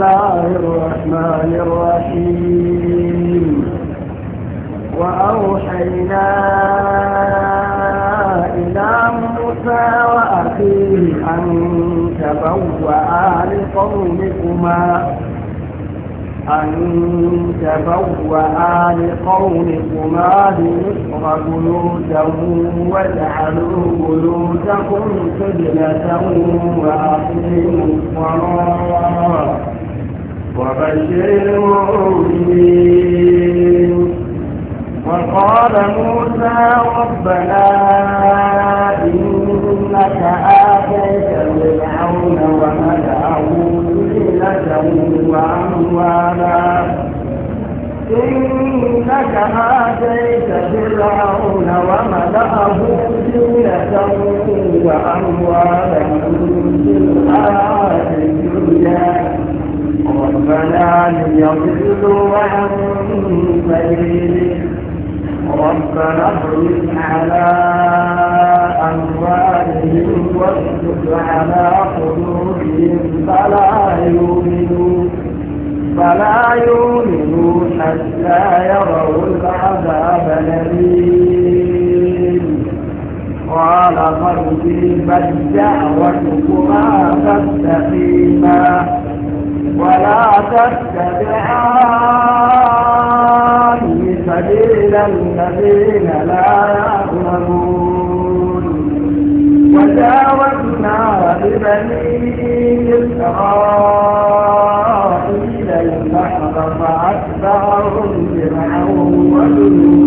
الله الرحمن الرحيم وأوحينا إلى موسى وأخيه أن تبوأ لقومكما أن تبوأ لقومكما بمصر بيوتا واجعلوا بيوتكم سجنة وأقيموا الصلاة وبشر المؤمنين وقال موسى ربنا إنك آتيت فرعون وملأه زينة وأموالا إنك آتيت فرعون وملأه زينة وأموالا في الدنيا ربنا ليضلوا عن سبيلك ربنا اغرس على أموالهم واسجد على قلوبهم فلا يؤمنوا فلا يؤمنوا حتى يروا العذاب الأليم قال فارجي بل دعوتكما فاستقيما ولا تتبع سبيل الذين لا يعلمون وجاوزنا ببني إسرائيل البحر فأتبعهم فرعون وجنوده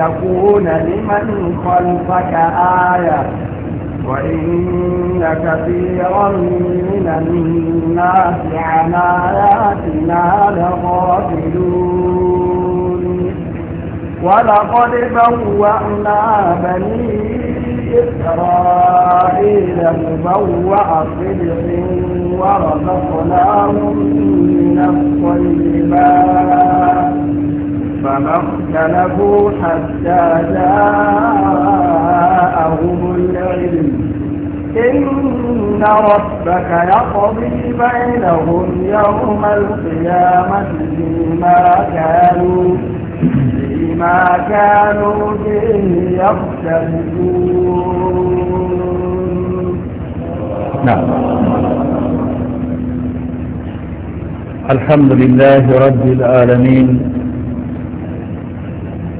تكون لمن خلفك آية وإن كثيرا من الناس عن آياتنا لغافلون ولقد بوأنا بني إسرائيل مبوع صدق ورزقناهم من الطيبات فما اختلفوا حتى حتى جاءهم العلم إن ربك يقضي بينهم يوم القيامة فيما كانوا فيما كانوا به يختلفون نعم الحمد لله رب العالمين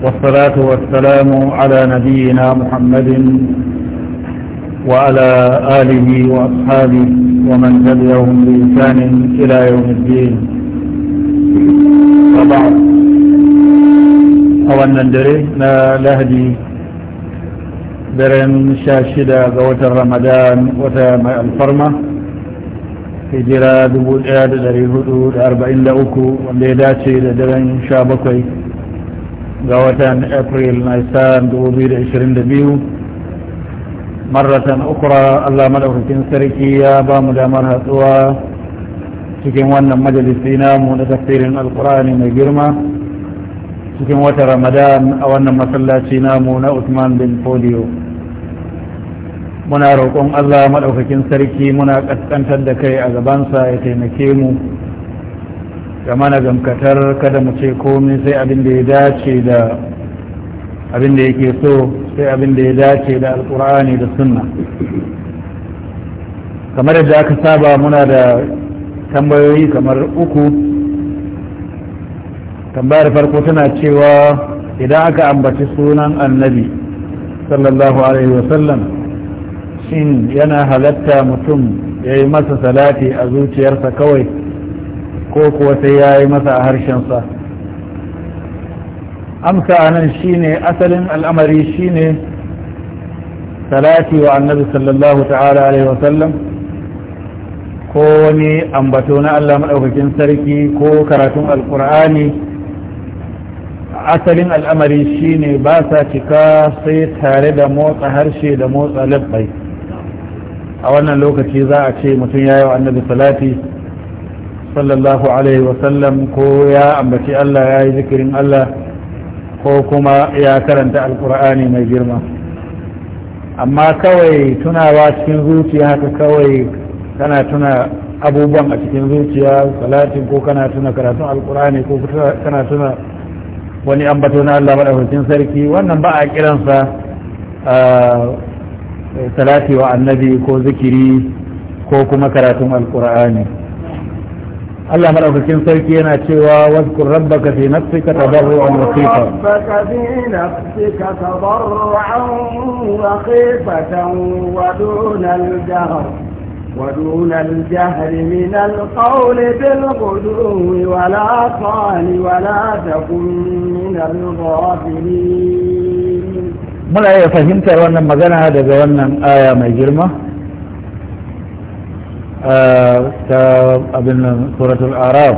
والصلاة والسلام على نبينا محمد وعلى آله وأصحابه ومن تبعهم بإنسان إلى يوم الدين طبعا أولا ندره ما لهدي برن شاشدة قوة رمضان وتا الفرمة في جراد بوجاد داري هدود أربعين لأوكو وليداتي لدرن شابكي ga watan april na isan 2022 maratan ukura allah madaukakin sarki ya ba mu damar hatsuwa cikin wannan majalisi namu na tafsirin alkurani mai girma cikin wata ramadan a wannan masallaci namu na usman bin fodio muna roƙon allah madaukakin sarki muna ƙasƙantar da kai a gabansa ya taimake mu da mana gamkatar kada mu ce komai sai abin da ya dace da abin da yake so sai abin da ya dace da alkur'ani da sunna kamar yadda aka saba muna da tambayoyi kamar uku tambayar farko tana cewa idan aka ambaci sunan annabi sallallahu alaihi wasallam shin yana halatta mutum ya yi masa salati a zuciyarsa kawai ko kuwa sai ya yi masa a harshensa amsa a nan shine asalin al'amari shine salati wa annabi sallallahu ta'ala alaihi wasallam ko wani ambato na Allah maɗaukakin sarki ko karatun alƙur'ani asalin al'amari shine ba sa cika sai tare da motsa harshe da motsa labbai a wannan lokaci za a ce mutum ya yi wa annabi salati sallallahu alaihi wasallam ko ya ambaci Allah ya yi zikirin Allah ko kuma ya karanta alkur'ani mai girma amma kawai tunawa cikin zuciya haka kawai kana tuna abubuwan a cikin zuciya salatin ko kana tuna karatun alkur'ani ko kana tuna wani ambato na Allah madaukakin sarki wannan ba a kiransa salati wa annabi ko zikiri ko kuma karatun alkur'ani الله ملوكين سيكينا شوا واذكر ربك في نفسك تضرعا رخيفا ربك في نفسك تضرعا وخيفة ودون الجهر ودون الجهر من القول بالغدو ولا صال ولا تكن من الغافلين ملا يفهمت وانا مغنى هذا وانا آية مجرمة ta abin suratul araf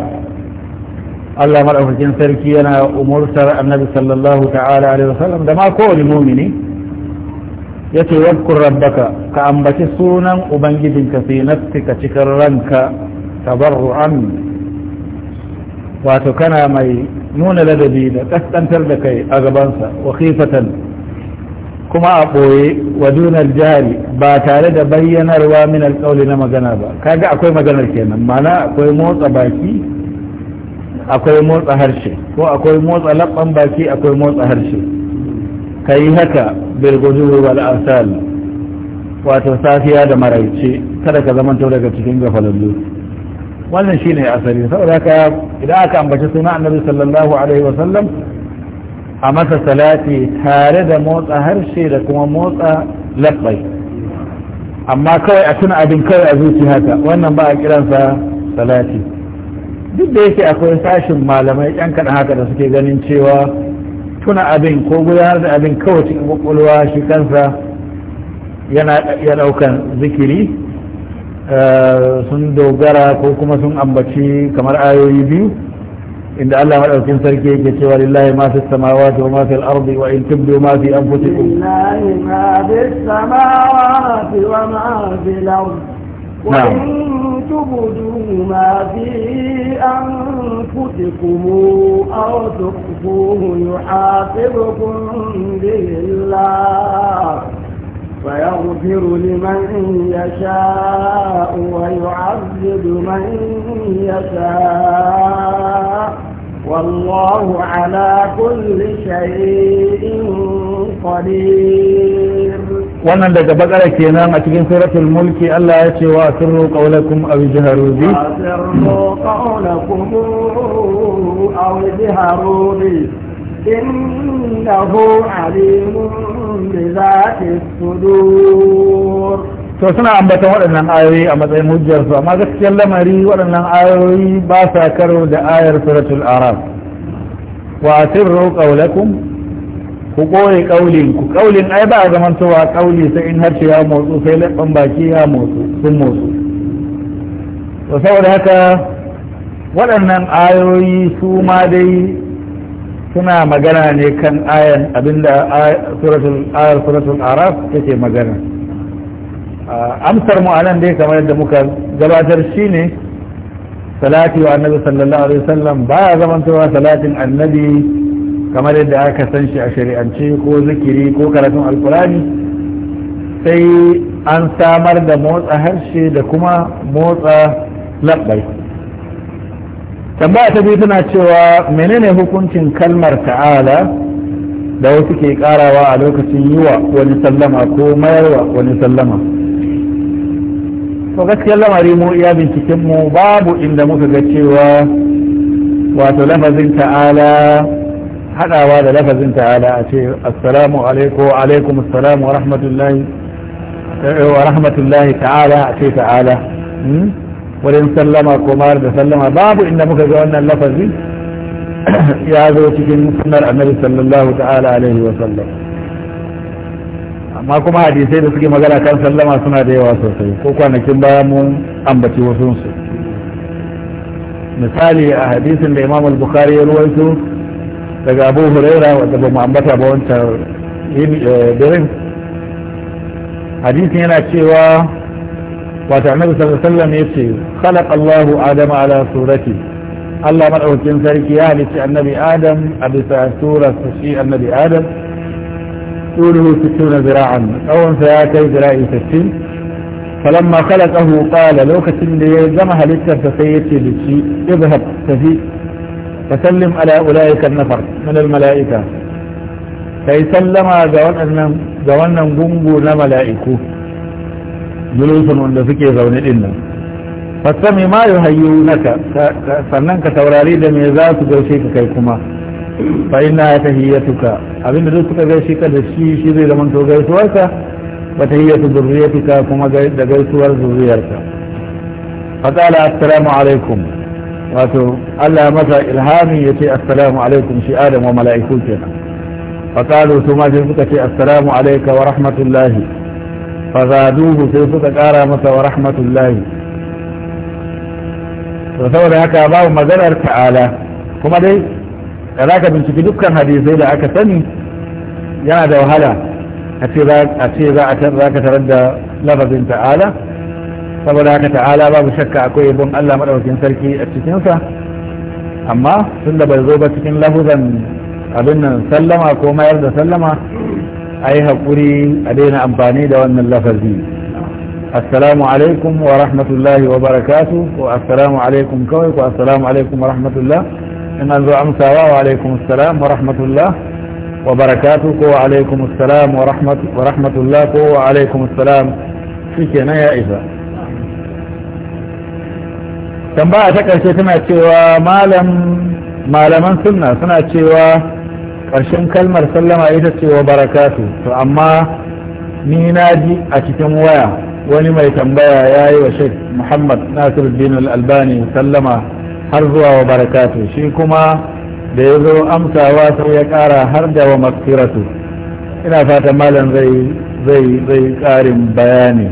Allah maɗaukakin sarki yana umurtar annabi sallallahu ta'ala alaihi wasallam da ma kowane mumini ya ce wadkur rabbaka ka ambaci sunan ubangijinka fi nafsika cikin ranka tabarru'an wato kana mai nuna ladabi da kaskantar da kai a gabansa wa khifatan kuma a ɓoye wa dunar jari ba tare da bayyanarwa min alƙauli na magana ba kaga akwai maganar kenan mana akwai motsa baki akwai motsa harshe ko akwai motsa labban baki akwai motsa harshe ka yi haka bilgudu wal wato safiya da maraice kada ka zamanto daga cikin gafalallu wannan shine asali saboda haka idan aka ambaci suna annabi sallallahu alaihi wasallam a masa salati tare da motsa harshe da kuma motsa labbai amma kawai a tuna abin kawai a zuci haka wannan ba a kiransa salati duk da yake akwai sashin malamai yan kaɗan haka da suke ganin cewa tuna abin ko gudanar da abin kawai cikin kwakwalwa shi kansa yana ya ɗaukan zikiri eh, sun dogara ko kuma sun ambaci kamar ayoyi biyu عند الله ما يمكن تركيك لله ما في السماوات وما في الأرض وإن تبدوا ما في أنفسكم لله ما في السماوات وما في الأرض نعم. وإن تبدوا ما في أنفسكم أو تخفوه يحاسبكم به الله فيغفر لمن يشاء ويعذب من يشاء والله على كل شيء قدير wannan daga bakara kenan a cikin suratul mulki Allah ya ce wa sirru qawlakum aw jaharu bi sirru qawlakum aw jaharu bi innahu alimun to suna ambatan waɗannan ayoyi a matsayin hujjarsu amma gaskiyar lamari waɗannan ayoyi ba sa karo da ayar suratul araf wa asirru qawlakum ku koye kaulin ku kaulin ai ba a wa kauli sai in har ya motsu sai labban baki ya motsu sun motsu to saboda haka waɗannan ayoyi su ma dai suna magana ne kan ayan abinda suratul ayar suratul araf take magana amsar mu anan dai kamar yadda muka gabatar shine salati wa annabi sallallahu alaihi wasallam zaman zamantowa salatin annabi kamar yadda aka san shi a shari'ance ko zikiri ko karatun alkurani sai an samar da motsa harshe da kuma motsa labbai tambaya ta biyu tana cewa menene hukuncin kalmar ta'ala da wasu ke karawa a lokacin yi wa wani sallama ko mayarwa wani sallama to gaskiyar lamari mu iya binciken mu babu inda muka ga cewa wato lafazin ta'ala hadawa da lafazin ta'ala a ce assalamu alaikum wa alaikum assalam wa rahmatullahi eh, wa rahmatullahi ta'ala a ce ta'ala hmm? wurin sallama ko mayar da sallama babu inda muka ga wannan lafazi ya zo cikin sunar annabi sallallahu ta'ala alaihi wa sallam amma kuma hadisai da suke magana kan sallama suna da yawa sosai ko kwanakin baya mun ambaci wasu su misali a hadisin da imam al-bukhari ya ruwaito daga abu huraira wanda ba mu ambata ba wancan birin eh, hadisin yana cewa wata annabi sallallahu alaihi wasallam yace khalaqa Allahu Adama ala surati Allah madaukakin sarki ya halitta annabi Adam a bisa surar shi annabi Adam طوله 60 ذراعا أول فياتي ذراعي 60 فلما خلقه قال لو كتن لي جمها للترتفيتي لشيء اذهب تفي فسلم على أولئك النفر من الملائكة كي سلم جوانا جوانا قنبو لملائكه julusun wanda suke zaune din nan fasami ma yi hayu naka sannan ka taurari da me za su gaishe ka kai kuma fa ina ya tahiyyatuka abinda duk suka gaishe ka da shi shi zai zama to gaisuwarka wa tahiyyatu zurriyatika kuma da gaisuwar zuriyarka fa qala assalamu alaikum wato Allah masa ilhami ya ce assalamu alaikum shi adam wa mala'iku kenan fa qalu su ma sai suka ce assalamu alayka wa rahmatullahi fazaduhu sai suka kara masa wa rahmatullahi to saboda haka babu maganar ta'ala kuma dai da za ka binciki dukkan hadisai da aka sani yana da wahala a ce za a tarar da lafazin ta'ala saboda haka ta'ala babu shakka akwai yabon Allah madaukakin sarki a cikinsa amma tun da bai zo ba cikin lafuzan abin nan sallama ko mayar da sallama a yi haƙuri a daina amfani da wannan lafazi assalamu alaikum wa rahmatullahi wa barakatu ko assalamu alaikum kawai ko assalamu alaikum wa rahmatullah in an zo amsawa wa alaikum assalam wa rahmatullah wa barakatu ko wa alaikum assalam wa rahmatullah ko wa alaikum assalam shi kenan ya isa tambaya ta ƙarshe tana cewa malam malaman sunna suna cewa ƙarshen kalmar sallama ita ce wa barakatu to amma ni na ji a cikin waya wani mai tambaya ya yi wa sheikh muhammad nasiruddin al-albani sallama har zuwa wa barakatu shi kuma da ya zo amsawa sai ya ƙara har da wa maskiratu ina fata malam zai zai zai ƙarin bayani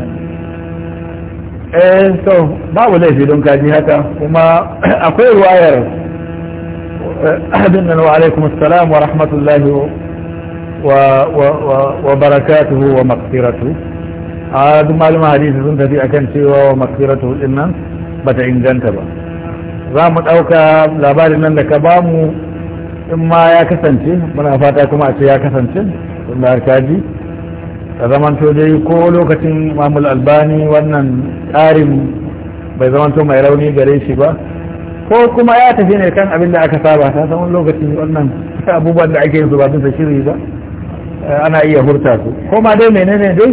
eh so babu laifi don kaji haka kuma akwai ruwayar أهدنا وعليكم السلام ورحمة الله و و و وبركاته ومغفرته هذا معلومة حديث سنة في أكن سوى ومغفرته إنن بتعين جنتبا زامت أوكا لابار إنن لكبامو إما يا كسنتي من أفاتكم أتي يا كسنتي الله أركاجي zamanto dai ko lokacin mamul albani wannan tsarin bai zamanto mai rauni gare shi ba ko kuma ya tafi ne kan abin da aka saba ta san wani wannan abubuwan da ake yin su ba bisa shiri ba eh, ana iya hurta su ko ma dai menene dai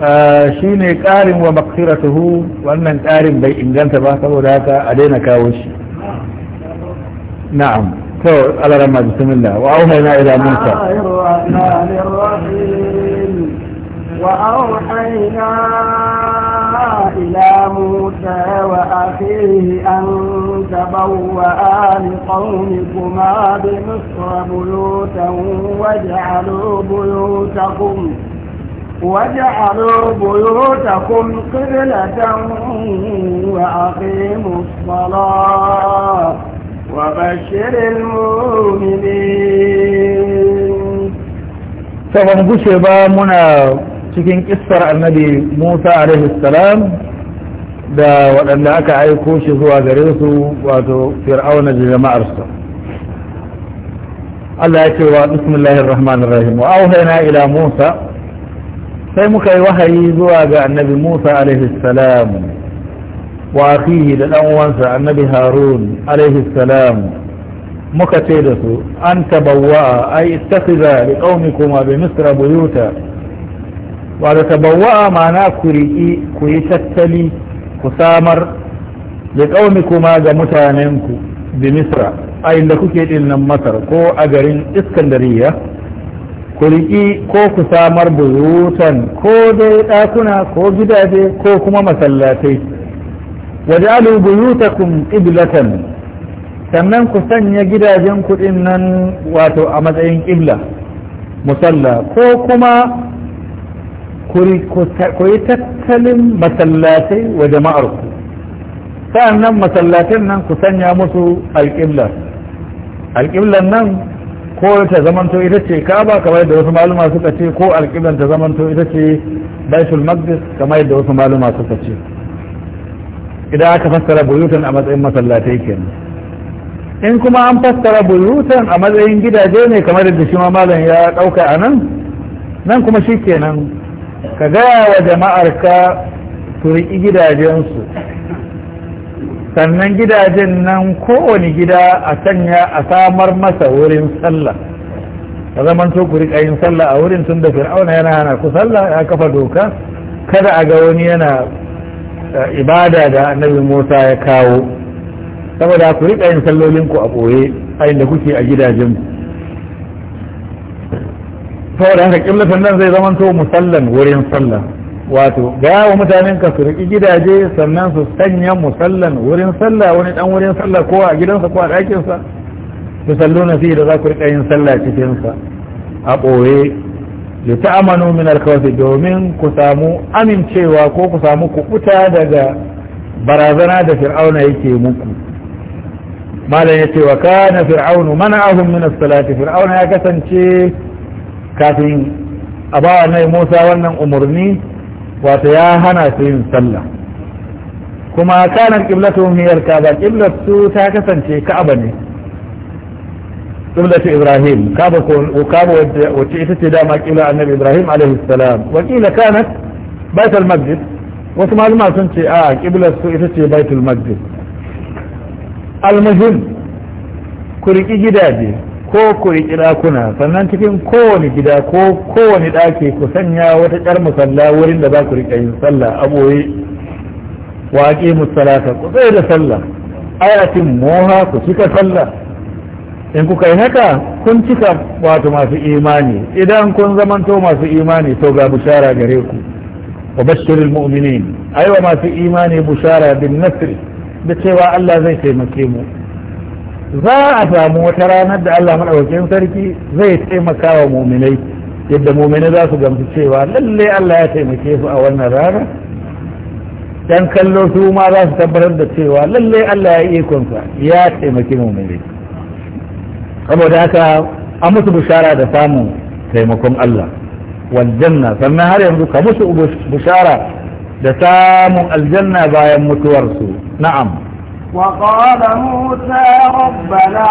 eh, shi ne ƙarin wa maksiratuhu wannan ƙarin bai inganta ba saboda haka a daina kawo shi na'am to alarama bismillah wa auhayna ila musa وأوحينا إلى موسى وأخيه أن تبوأ لقومكما بمصر بيوتا واجعلوا بيوتكم واجعلوا بيوتكم قبلة وأقيموا الصلاة وبشر المؤمنين. فهم قصبا منا cikin kissar annabi Musa alaihi salam da waɗanda aka aiko shi zuwa gare su wato fir'auna da jama'arsa Allah ya ce wa bismillahir rahmanir rahim wa auhayna ila Musa sai muka yi wahayi zuwa ga annabi Musa alaihi salam wa akhihi da dan uwansa annabi Harun alaihi salam muka ce da su an tabawwa ay ittakhidha liqaumikuma bi misra buyuta Wa da tabawwa'a ma'ana ku riƙi ku yi tattali ku samar da ƙauni kuma ga mutanenku bi misra a inda kuke ɗin masar ko a garin iskandariya ku riƙi ko ku samar buyutan ko dai ɗakuna ko gidaje ko kuma masallatai waj'alu buyutakum qiblatan sannan ku sanya gidajen kuɗin nan wato a matsayin ƙibla musalla ko kuma ku yi tattalin masallatai wa jama'ar ku Sa'an nan masallatan nan ku sanya musu alƙiblar alƙiblar nan ko ta zamanto ita ce kaba kamar yadda wasu maluma suka ce ko alƙiblar ta zamanto ita ce baitul maqdis kamar yadda wasu maluma suka ce idan aka fassara buyutan a matsayin masallatai kenan in kuma an fassara buyutan a matsayin gidaje ne kamar yadda shi ma malam ya ɗauka a nan nan kuma shi kenan ka gaya wa jama'arka su riƙi gidajensu sannan gidajen nan kowane gida a sanya a samar masa wurin sallah ka zaman to ku riƙa yin sallah a wurin tun da fir'auna yana hana ku sallah ya kafa doka kada a ga wani yana eh, ibada da annabi musa ya kawo saboda ku riƙa yin sallolinku a ɓoye a inda kuke a gidajenku saboda haka kiblatan nan zai zama to musallan wurin sallah wato ga wa mutanen ka su riki gidaje sannan su sanya musallan wurin sallah wani dan wurin sallah ko a gidansa ko a ɗakinsa, sa su sallu na fi da za ku riƙa yin sallah cikinsa. a ɓoye li ta'amanu min alkawfi domin ku samu amincewa ko ku samu kuɓuta daga barazana da fir'auna yake muku malam ya ce wa kana fir'aunu mana'ahum min as-salati fir'auna ya kasance kafin a bawa nai musa wannan umarni wato ya hana su yin sallah kuma kanan ƙiblatun hiyar ba ƙiblatu ta kasance ka'aba ne ƙiblatu ibrahim kaba wacce ita ce dama ƙibla annabi ibrahim alaihi salam wakila kanat baitul masjid wasu maluma sun ce a ƙiblatu ita ce baitul al almuhim ku riƙi gidaje ko ku riƙi ɗakuna sannan cikin kowane gida ko kowane ɗaki ku sanya wata ƙyar musalla wurin da za ku riƙa yin sallah a ɓoye wa musalata ku tsaye da sallah ayatin moha ku cika sallah in kuka yi haka kun cika wato masu imani idan kun zamanto masu imani to ga bushara gare ku wa bashirin mu'minin aiwa masu imani bushara bin nasri da cewa Allah zai taimake mu za a samu wata ranar da Allah madaukakin sarki zai taimaka wa muminai yadda muminai za su gamsu cewa lallai Allah ya taimake su a wannan rana dan kallo su ma za su tabbatar da cewa lallai Allah ya yi ikonsa ya taimaki muminai saboda haka an musu bishara da samun taimakon Allah waljanna, sannan har yanzu ka musu bishara da samun aljanna bayan mutuwarsu na'am وقال موسى ربنا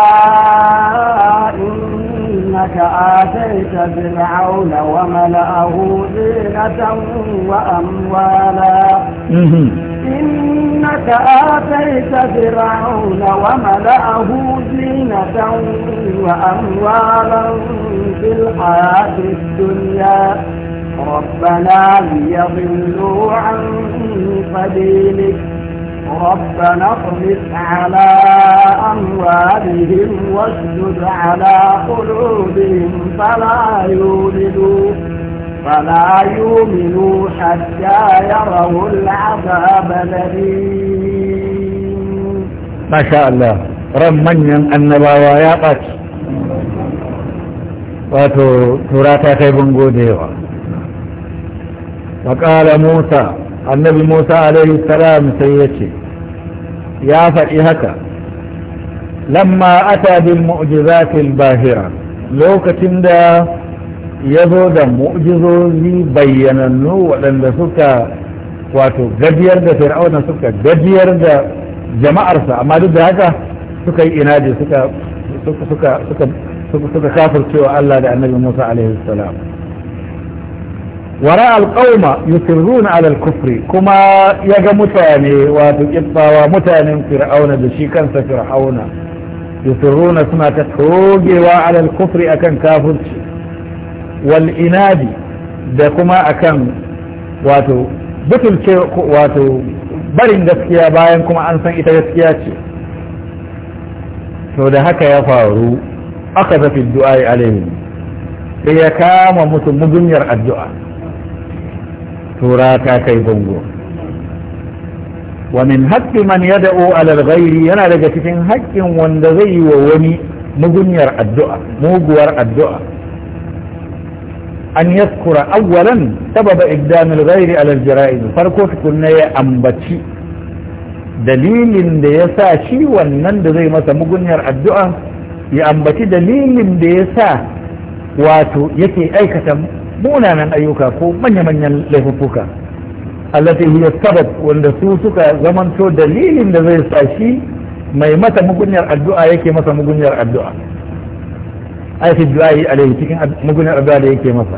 إنك آتيت فرعون وملأه زينة وأموالا إنك آتيت فرعون وملأه زينة وأموالا في الحياة الدنيا ربنا ليضلوا عن سبيلك ربنا اطمس على أموالهم واسجد على قلوبهم فلا يؤمنوا فلا يؤمنوا حتى يروا العذاب الأليم ما شاء الله رمّن أن يا قتل wato tura ta وقال موسى النبي موسى عليه السلام musa ya faɗi haka lamma ata bil mu'jizatil bahira lokacin da ya zo da mu'jizozi bayyanannu waɗanda suka wato gajiyar da fir'auna suka gajiyar da jama'arsa amma duk da haka suka yi inaji suka suka suka suka kafircewa Allah da annabi Musa alaihi salam wara alƙauma yusirruna alal kufri kuma ya ga mutane wato ƙibbawa mutanen fir'auna da shi kansa fir'auna yusirruna suna ta togewa alal kufri akan kafirci wal inadi da kuma akan wato butulce wato barin gaskiya bayan kuma an san ita gaskiya ce to da haka ya faru aka zafi du'a alaihim sai ya kama musu mugunyar addu'a tura ta kai bango wa min haqqi man yad'u ala al yana daga cikin haƙƙin wanda zai yi wa wani mugunyar addu'a muguwar addu'a an yaskura awwalan sababa iqdamil ghairi ala al farko tukunna ya ambaci dalilin da ya sa shi wannan da zai masa mugunyar addu'a ya ambaci dalilin da ya sa wato yake aikata munanan ayyuka ko manya-manyan laifuffuka allati hiya sabab wanda su suka zamanto dalilin da zai sa shi mai mata mugunyar addu'a yake masa mugunyar addu'a ai fi du'ai alaihi cikin mugunyar addu'a da yake masa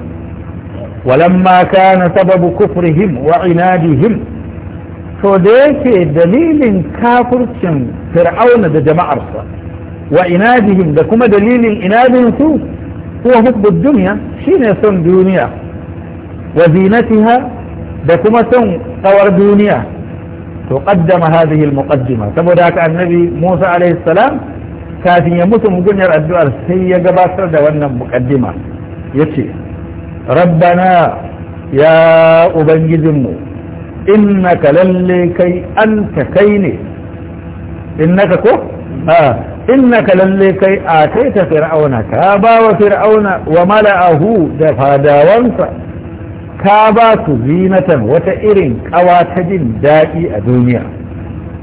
walamma kana sababu kufrihim wa inadihim to da yake dalilin kafircin fir'auna da jama'arsa wa inadihim da kuma dalilin inadinsu su huwa hubbud dunya shine son duniya wa zinatiha da kuma son tsawar duniya to qaddama hadhihi al-muqaddima saboda haka annabi Musa alaihi kafin ya mutu mugunyar addu'ar sai ya gabatar da wannan muqaddima yace rabbana ya ubangijinmu innaka lalle kai anta kai ne innaka ko a innaka lalle kai a kai ta fir'auna ka ba wa fir'auna wa mala'ahu da fadawansa ka ba su zinatan wata irin kawa ta jin daɗi a duniya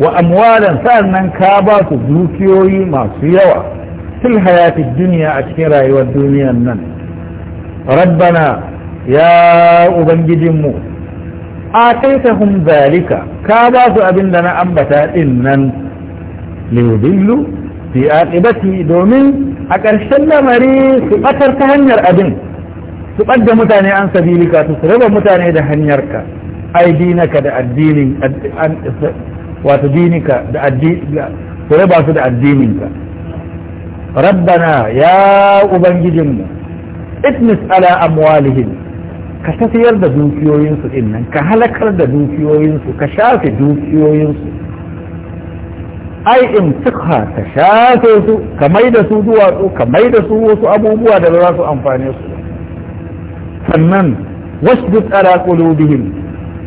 wa amwalan sa'annan ka ba su dukiyoyi masu yawa fil hayati duniya a cikin rayuwar duniyan nan rabbana ya ubangijinmu a kai ta ka ba su abin da na ambata ɗin nan liyudillu fi aqibati domin a ƙarshen lamari su ɓatar ta hanyar abin su ɓadda mutane an sabilika su raba mutane da hanyarka ai dinaka da addinin wato dinika da su raba su da addininka rabbana ya ubangijinmu itnis ala amwalihim ka tafiyar da dukiyoyinsu ɗin nan ka halakar da dukiyoyinsu ka shafe dukiyoyinsu ai in suka ta shafe su ka mai da su duwatsu ka mai da su wasu abubuwa da za su amfane su sannan wasu tsara qulubihim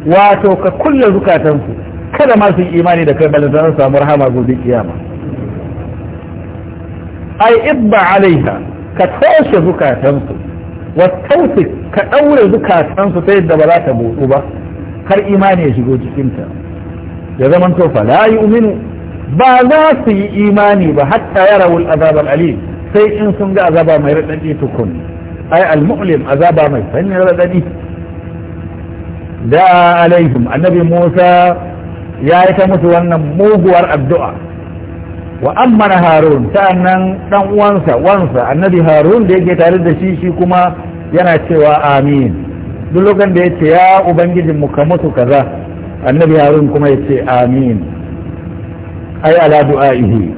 wato ka kulle zukatansu kada ma su imani da kai balanta su samu rahama gobe kiyama ai ibba alaiha ka toshe zukatansu wa tausi ka daure zukatansu ta yadda ba za ta buɗu ba har imani ya shigo cikinta ya zama to fa la yu'minu ba za su yi imani ba hatta yarawul azab al-alim sai in sun ga azaba mai radadi tukun ai al-mu'lim azaba mai sanin radadi da alaihim annabi Musa ya yi ta musu wannan muguwar addu'a wa ammana harun sa'annan dan uwansa wansa annabi harun da yake tare da shi shi kuma yana cewa amin duk lokacin da ya ce ya ubangijin mu ka mutu kaza annabi harun kuma ya ce amin ai ala du'a'ihi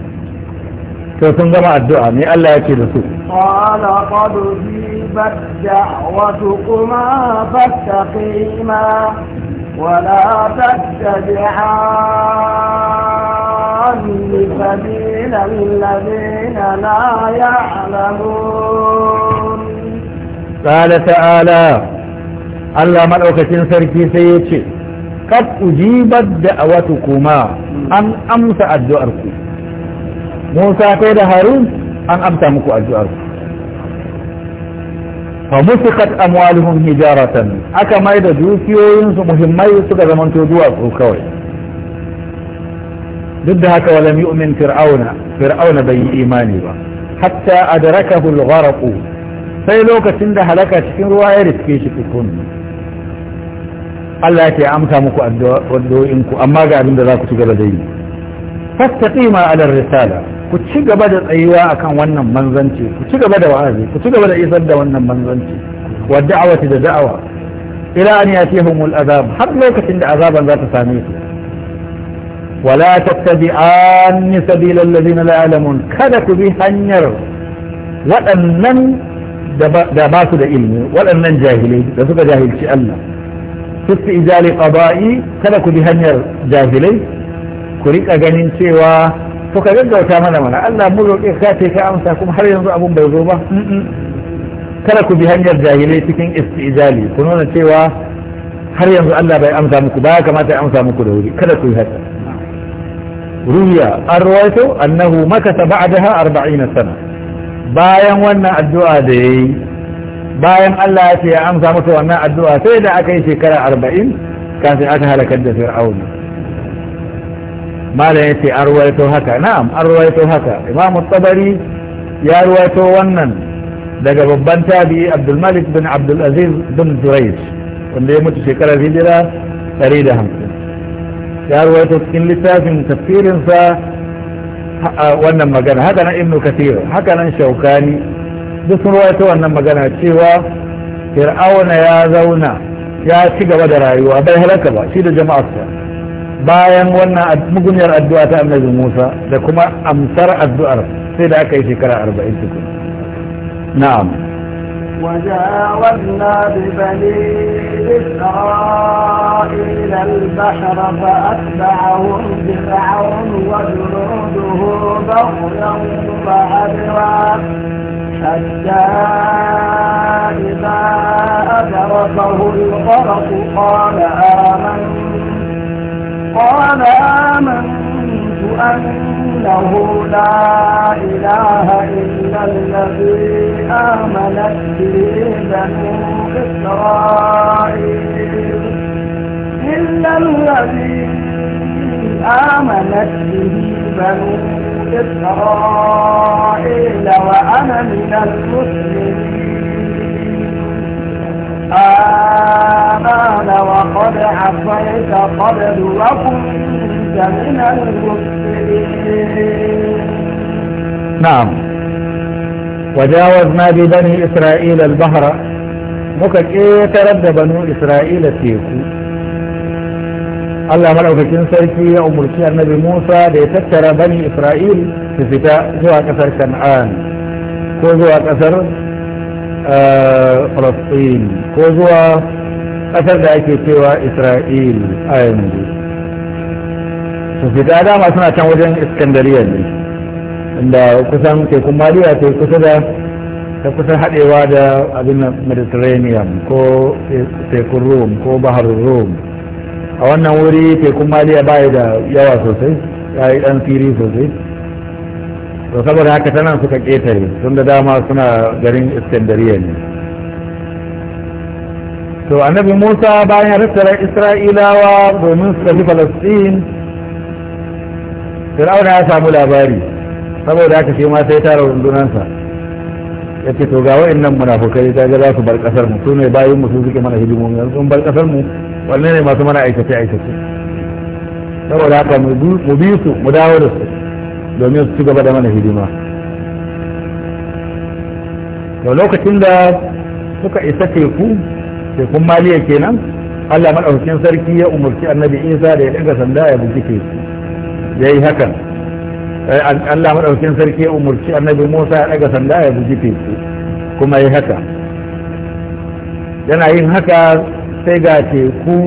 to sun gama addu'a ne Allah yake da su qala qad jibat da'watukuma fastaqima ولا تتبعان سبيل الذين لا يعلمون قال تعالى الله ملوكة سركي سيتشي قد أجيبت دعوتكما أن أمس أدعركم موسى كيد هارون أن أمس مكو أدعركم فمسقت أموالهم هجارة أكما إذا جوكيو ينسو مهمي سكا زمن تودوا أفوكوي ضد هكا ولم يؤمن فرعون فرعون بي إيماني با حتى أدركه الغرق سيلوك تند هلكة شكين رواية رسكي شكي كنه Allah ya amsa muku addu'o'inku amma ga abin da za ku ci gaba da yi ma ala risala ku ci gaba da tsayuwa akan wannan manzanci ku ci gaba da wa'azi ku ci gaba da isar da wannan manzanci wa da'awati da da'awa ila an yatihumul azab har lokacin da azaban za ta same su ولا تتبعان سبيل الذين لا يعلمون kada ku bi hanyar waɗannan da ba su da ilimi waɗannan jahilai da suka jahilci Allah fisti ijali qada'i kada ku bi hanyar jahilai ku riƙa ganin cewa to ka gaggauta mana mana Allah mu roƙe ka ce ka amsa kuma har yanzu abun bai zo ba kada ku bi hanyar jahilai cikin istijali ku nuna cewa har yanzu Allah bai amsa muku ba kamata ya amsa muku da wuri kada ku yi haka ruya an annahu makasa ba'daha 40 sana bayan wannan addu'a da yayi bayan Allah ya ce ya amsa masa wannan addu'a sai da aka yi shekara arba'in kafin aka halakar da fir'auna malam ya ce an ruwaito haka na'am an ruwaito haka imam tabari ya ruwaito wannan daga babban tabi'i malik bin abdulaziz bin zuraiz wanda ya mutu shekarar hijira 150 ya ruwaito cikin littafin tafsirinsa wannan magana haka nan ibnu kathir haka nan shaukani duk sun ta wannan magana cewa fir'auna ya zauna ya ci gaba da rayuwa bai halaka ba shi da jama'arsa bayan wannan mugunyar addu'a ta annabi Musa da kuma amsar addu'ar sai da aka yi shekara arba'in tukun na'am وجاوزنا ببني إسرائيل البحر فأتبعهم فرعون وجنوده بغيا وعدوا حتى إذا أدركه الغرق قال آمنت قال آمنت أنه لا إله إلا الذي آمنت به بنو إسرائيل إلا الذي آمنت به بنو إسرائيل وأنا من المسلمين آمان وقد عصيت قبل وكنت من المسلمين نعم وجاوزنا ببني إسرائيل البحر مكك إيه ترد بنو إسرائيل teku Allah madaukakin sarki ya umurci annabi Musa da ya tattara bani Isra'il su fita zuwa ƙasar Kan'an ko zuwa ƙasar eh, Falastin ko zuwa ƙasar da ake cewa Isra'il a yanzu su fita dama suna can wajen Iskandariya ne inda kusan tekun Maliya ce kusa da ta kusan haɗewa da abin Mediterranean ko tekun Rome ko Bahar Rome a wannan wuri tekun maliya ba da yawa sosai ya yi dan fili sosai to saboda haka tana suka ƙetare tun da dama suna garin iskandariya ne to annabi musa bayan rattara isra'ilawa domin su tafi falastin fir'auna ya samu labari saboda haka shi ma sai tara rundunansa ya ce to ga nan munafukai ta ga za su bar kasar mu su ne bayan mu su suke mana hidimomi sun bar kasar mu wanne ne masu mana aikace aikace saboda haka mu bi su mu dawo da su domin su ci gaba da mana hidima to lokacin da suka isa teku tekun maliya kenan Allah madaukakin sarki ya umarci annabi Isa da ya daga sanda ya buki teku yi hakan eh, Allah madaukakin sarki ya umarci annabi Musa ya daga sanda ya buki teku kuma ya yi haka yana yin haka sai ga teku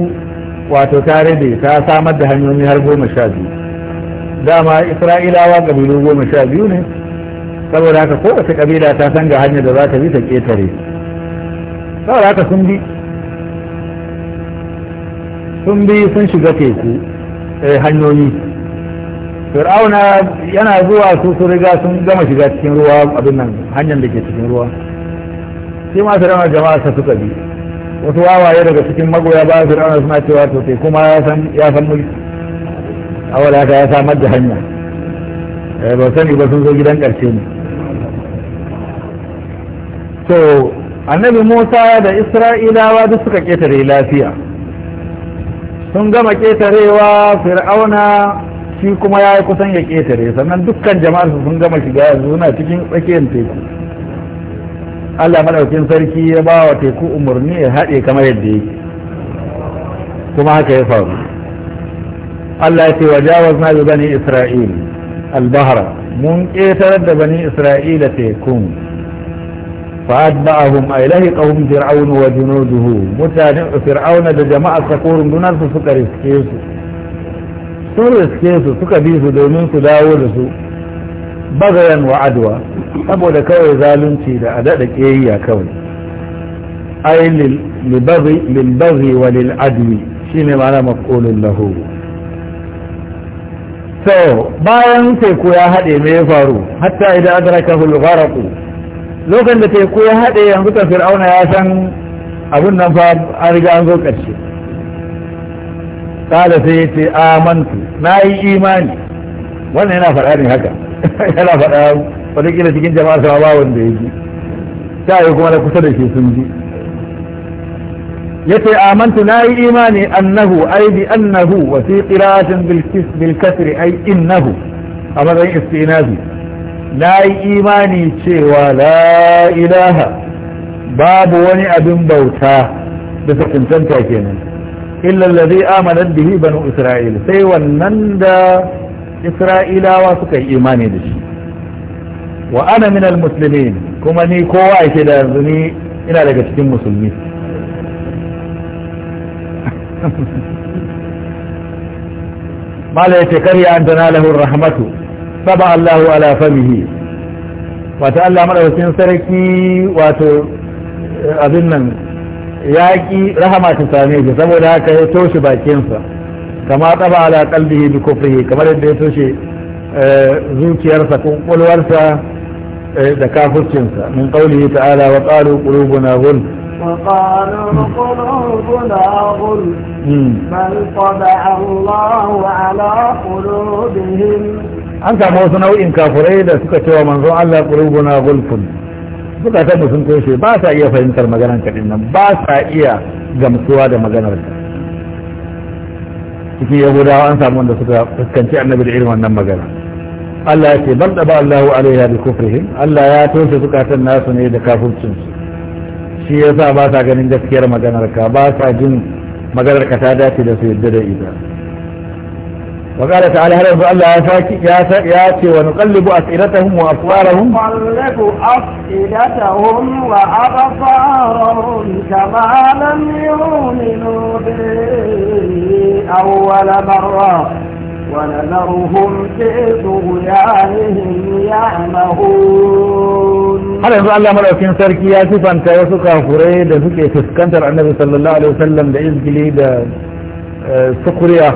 wato ta rabe ta samar da hanyoyi har goma sha biyu dama isra'ilawa kabilu goma sha biyu ne saboda haka kowace kabila ta san ga hanyar da za ta bi ta ƙetare saboda haka sun bi sun bi sun shiga teku eh, hanyoyi fir'auna yana zuwa su sun riga sun gama shiga cikin ruwa abin nan hanyar da ke cikin ruwa shi ma fir'auna jama'a sa suka bi wasu wawaye daga cikin magoya ba su rana suna cewa to sai kuma ya san ya san mulki awala ya samar da hanya eh ba sani ba sun zo gidan karshe ne to annabi Musa da Isra'ilawa duk suka ketare lafiya sun gama ketarewa fir'auna shi kuma ya yi kusan ya ketare sannan dukkan jama'ar sun gama shiga yanzu cikin tsakiyar teku Allah maɗaukin sarki ya ba wa teku umarni ya haɗe kamar yadda yake kuma haka ya faru Allah ya ce wa jawaz na bi bani isra'il albahara mun ƙetar da bani isra'ila tekun fa'ad ba'ahum a ilahi ƙahun fir'aunu wa junuduhu mutanen fir'auna da jama'a sakorin dunar su suka riske su sun suka bisu domin su dawo da su bagayan wa adwa saboda kawai zalunci da a daɗa ƙiyayya kawai ai lilbazi wa lil'adwi shi ne mana maƙolin lahu so bayan teku ya haɗe me ya faru hatta idan ka adraka hulgharaku lokacin da teku ya haɗe yanzu ta fir'auna ya san abin nan fa an riga an zo ƙarshe kala sai ya ce amantu na yi imani wannan yana faɗa ne haka yana faɗa wataƙila cikin jama'ar sama ba wanda ya ji ta yi kuma na kusa da shi sun ji yace amantu na yi imani annahu ai bi annahu wa fi qira'atin bil kasri ai innahu a matsayin istinazi na yi imani cewa la ilaha babu wani abin bauta da ta kenan illa allazi amana bihi banu isra'il sai wannan da isra'ilawa suka yi imani da shi wa ana minal muslimin kuma ni kowa yake da yanzu ni ina daga cikin musulmi mala yace karya an lahu rahmatu saba Allahu ala famihi wato Allah madaukakin sarki wato abin nan yaƙi rahama ta same shi saboda haka ya toshe bakinsa kama taba ala qalbihi bi kufrihi kamar yadda ya toshe zuciyarsa kunkulwarsa da kafircinsa min qawlihi ta'ala wa qalu qulubuna ghul وقالوا قلوبنا غل بل طبع الله على قلوبهم an samu wasu nau'in kafurai da suka cewa manzon Allah qulubuna gulfun suka tabbata sun toshe ba sa iya fahimtar maganar kadin nan ba sa iya gamsuwa da maganar ka cikin yahudawa an samu wanda suka fuskanci annabi da irin wannan magana Allah ya ce ban da ba Allahu alaiha bi kufrihim Allah ya tosa zukatan nasu ne da kafircin su shi yasa ba sa ganin gaskiyar maganar ka ba sa jin maganar ka ta dace da su yadda da ita وقال تعالى هل يرضى الله ياتي ونقلب أسئلتهم وأبصارهم نقلب أسئلتهم وأبصارهم كما لم يؤمنوا به أول مرة ونذرهم في طغيانهم يعمهون هل يرضى الله ملوكين سركي يا سفن وسكا فريد سكي سكنتر النبي صلى الله عليه وسلم جليد آه، سكريا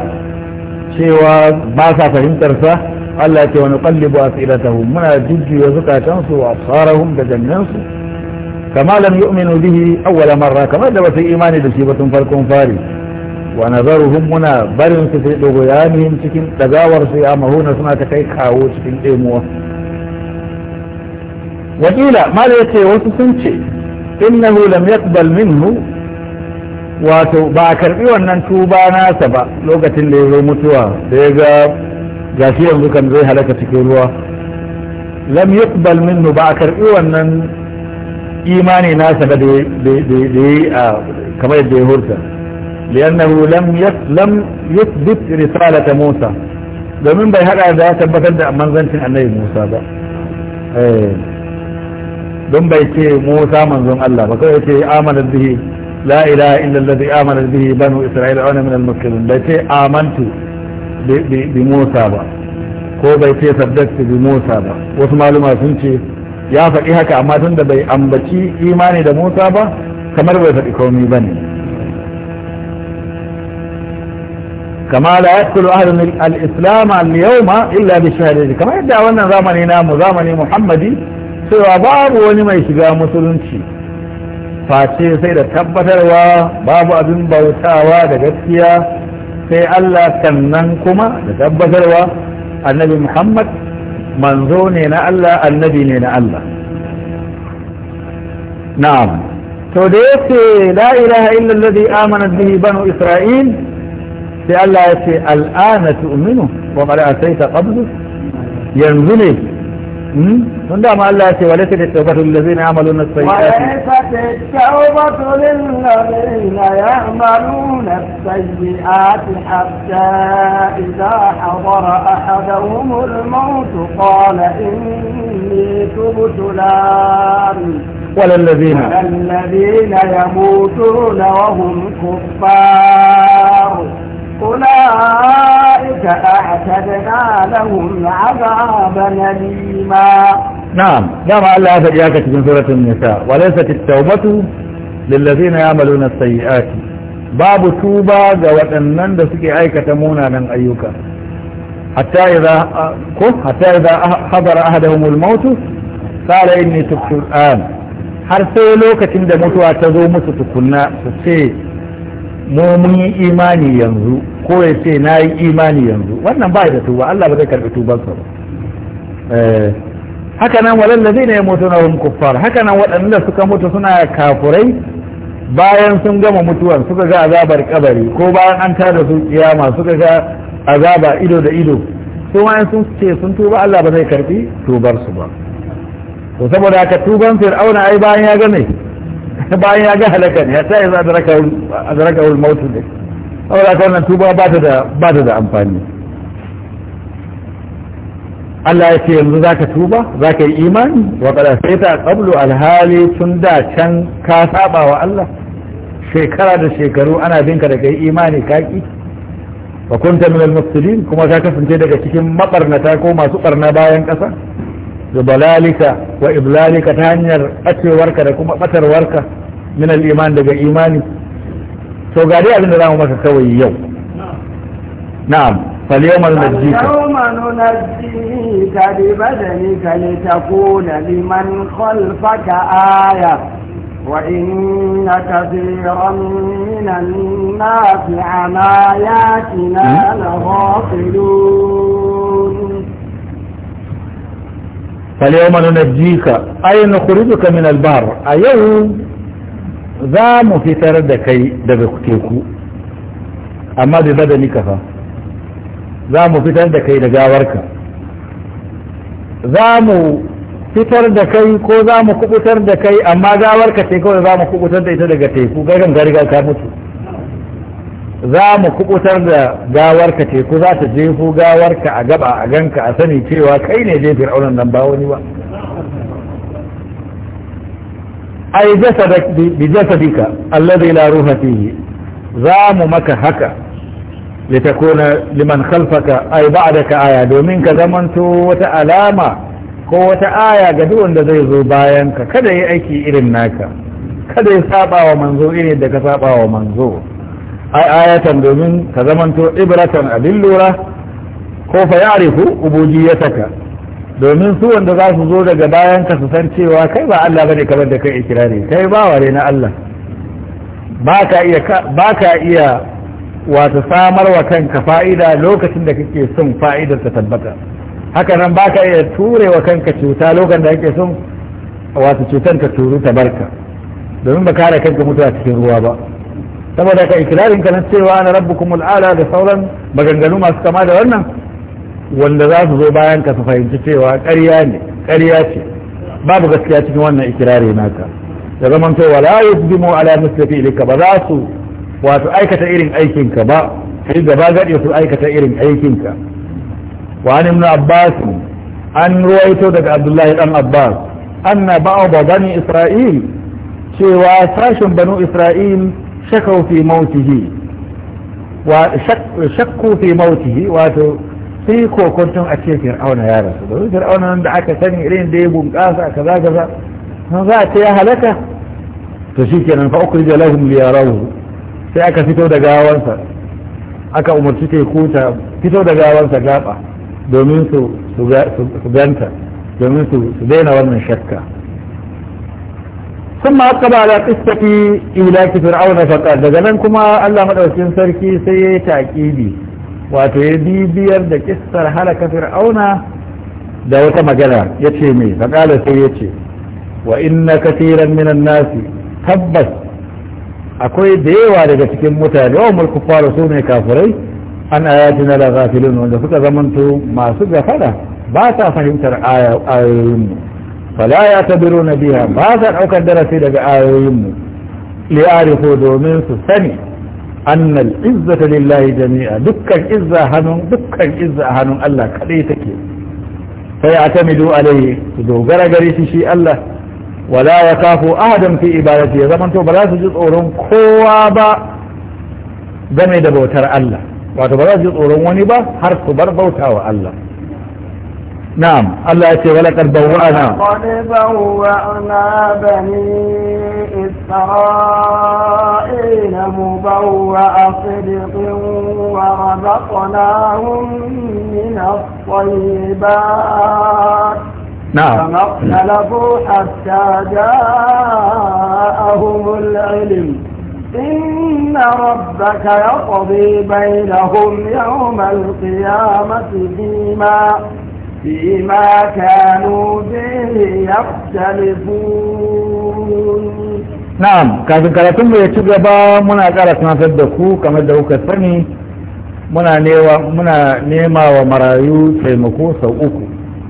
cewa ba sa fahimtar sa Allah ce wa nuqallibu afilatahum muna jujjuya zukatan su wa absarahum da jannansu kama lam yu'minu bihi awwal marra kama da basu imani da shi ba tun farkon fari wa nazaruhum muna barin su fi dogoyanihim cikin dagawar su ya mahuna suna ta kai kawo cikin ɗemuwa wakila mala yace wasu sun ce innahu lam yaqbal minhu wato ba a karbi wannan tuba nasa ba lokacin da ya zo mutuwa da ya ga gashi yanzu kan zai halaka cikin ruwa lam yuqbal minnu ba a karbi wannan imani nasa ba da yi a kamar yadda ya hurta li'annahu lam lam yuthbit risalata Musa domin bai hada da ya tabbatar da manzancin annabi Musa ba eh. don bai ce Musa manzon Allah ba kawai ce amanar bihi la ilaha illa allazi amana bihi banu isra'ila wa ana min al-muslimin bai ce amantu bi Musa ba ko bai ce saddaqtu bi Musa ba wasu maluma sun ce ya faɗi haka amma tun da bai ambaci imani da Musa ba kamar bai faɗi komai bane kama la yadkhulu ahlu al-islam al-yawma illa bi kamar yadda wannan zamani zamani Muhammadi cewa babu wani mai shiga musulunci face sai da tabbatarwa babu abin bautawa da gaskiya sai Allah sannan kuma da tabbatarwa annabi Muhammad manzo ne na Allah annabi ne na Allah na'am to da yake la ilaha illa alladhi amana bihi banu isra'il sai Allah ya ce al'ana tu'minu wa qad asayta qablu yanzu ne من دام الله يأتي وليست التوبة للذين يعملون السيئات وليست التوبة للذين يعملون السيئات حتى إذا حضر أحدهم الموت قال إني تبت الآن وللذين وللذين يموتون وهم كفار أولئك أعتدنا لهم عذابا أليما نعم نعم الله فجاءك من سورة النساء وليست التوبة للذين يعملون السيئات باب توبة وأنن دسك أيكة من أيوكا حتى إذا أه، حتى إذا أه، حضر أحدهم الموت قال إني تبت الآن har sai lokacin da mutuwa ta zo musu mu mun yi imani yanzu ko ya ce na yi imani yanzu wannan ba da tuba Allah ba zai karɓi tubansa ba eh, haka nan waɗanda ne mutu na wani kuffar haka nan waɗanda suka mutu suna kafurai bayan sun gama mutuwan suka ga azabar kabari ko bayan an tada su kiyama suka ga azaba ido da ido su ma sun ce sun tuba Allah ba zai karɓi tubar su ba to saboda haka tuban fir'auna ai bayan ya gane ta bayan ya ga halaka ne ya ta yi zaraka wul mautu ne saboda ka tuba ba ta da amfani Allah ya ce yanzu za ka tuba za ka yi imani wa kada sai ta kablu alhali tun da can ka saba wa Allah shekara da shekaru ana binka da yi imani kaki wa kunta min al-mufsidin kuma ka kasance daga cikin maɓarnata ko masu barna bayan kasa da balalika wa iblalika ta hanyar bacewarka da kuma batarwarka من الإيمان iman إيماني imani to ga dai abin da zamu فاليوم ننجيك فاليوم ننجيك ببدنك لتكون لمن خلفك آية وإن كثيرا من الناس عن آياتنا لغافلون فاليوم ننجيك أي نخرجك من البر أيوم za mu fitar da kai daga teku amma bai bada ni kafa za mu fitar da kai da gawarka za mu fitar da kai ko za mu kubutar da kai amma gawarka ce kawai za mu kubutar da ita daga teku gagan gariga ta mutu za mu kubutar da gawarka teku za ta jefo gawarka a gaba a ganka a sani cewa kai ne je fir'aunan nan ba wani ba ai jasadak bi jasadika alladhi la ruha fihi za mu maka haka litakuna liman khalfaka ai ba'daka aya domin ka zamanto wata alama ko wata aya ga duk wanda zai zo bayan ka kada yi aiki irin naka kada ya saba wa manzo irin da ka saba wa manzo ai ayatan domin ka zamanto ibratan abin lura ko fa ya'rifu ubujiyataka domin su wanda za su zo daga bayan ka su san cewa kai ba Allah bane kamar da kai ikirari kai ba ware na Allah ba ka iya ba ka iya wato samar wa kanka fa'ida lokacin da kake son fa'idar ta tabbata haka nan ba ka iya ture wa kanka cuta lokacin da kake son wato cutar ka turu ta barka domin ba kare kanka mutuwa cikin ruwa ba saboda ka ikirarin ka na cewa ana rabbukumul ala da sauran maganganu masu kama da wannan wanda za su zo bayan ka su fahimci cewa ƙarya ne ƙarya ce babu gaskiya cikin wannan ikirari naka da zaman cewa la yusbimu ala mislifi ilika ba za su wato aikata irin aikinka ba sai ba gaɗe su aikata irin aikinka wa an ibn abbas an ruwaito daga abdullahi dan abbas anna ba'd bani isra'il cewa sashin banu isra'il shakau fi mautihi wa shakku fi mautihi wato sai kokontun a ce fir'auna ya rasu da fir'auna wanda aka sani irin da ya bunƙasa kaza kaza sun za a ce ya halaka to shi ke fa fa'ukul da lahum liyarahu sai aka fito da gawansa aka umarci teku kuta fito da gawansa gaba domin su su ganta domin su daina wannan shakka Sun ba ki fir'auna faƙa daga nan kuma allah maɗaukin sarki sai ya yi سيتأكيدي wato ya bibiyar da kissar halaka fir'auna da wata magana ya ce mai faƙala sai ya ce wa inna kasiran minan nasi tabbas akwai da yawa daga cikin mutane wa mulku fara su ne kafirai an ayatina la ghafilun wanda suka zamanto masu gafara ba sa fahimtar ayoyinmu fala ya tabiru na biya ba sa ɗaukar darasi daga ayoyinmu li'arifu domin su sani أن العزة لله جميعا دكا إزة هنون دكا إزة هنون الله كليتك فيعتمدوا عليه دوغر غريش شيء الله ولا يخافوا أحدا في إبادته زمن تو بلا سجد أورون كوابا game da bautar Allah wato ba za su tsoron wani ba har su bar bauta wa Allah نعم الله يأتي ولقد بوأنا قد بوأنا بني إسرائيل مبوأ صدق ورزقناهم من الطيبات نعم فما اختلفوا حتى جاءهم العلم إن ربك يقضي بينهم يوم القيامة فيما فيما كانوا به يختلفون na'am kafin karatun mu ya ci gaba muna ƙara كما da ku kamar da kuka sani muna nema wa marayu sau uku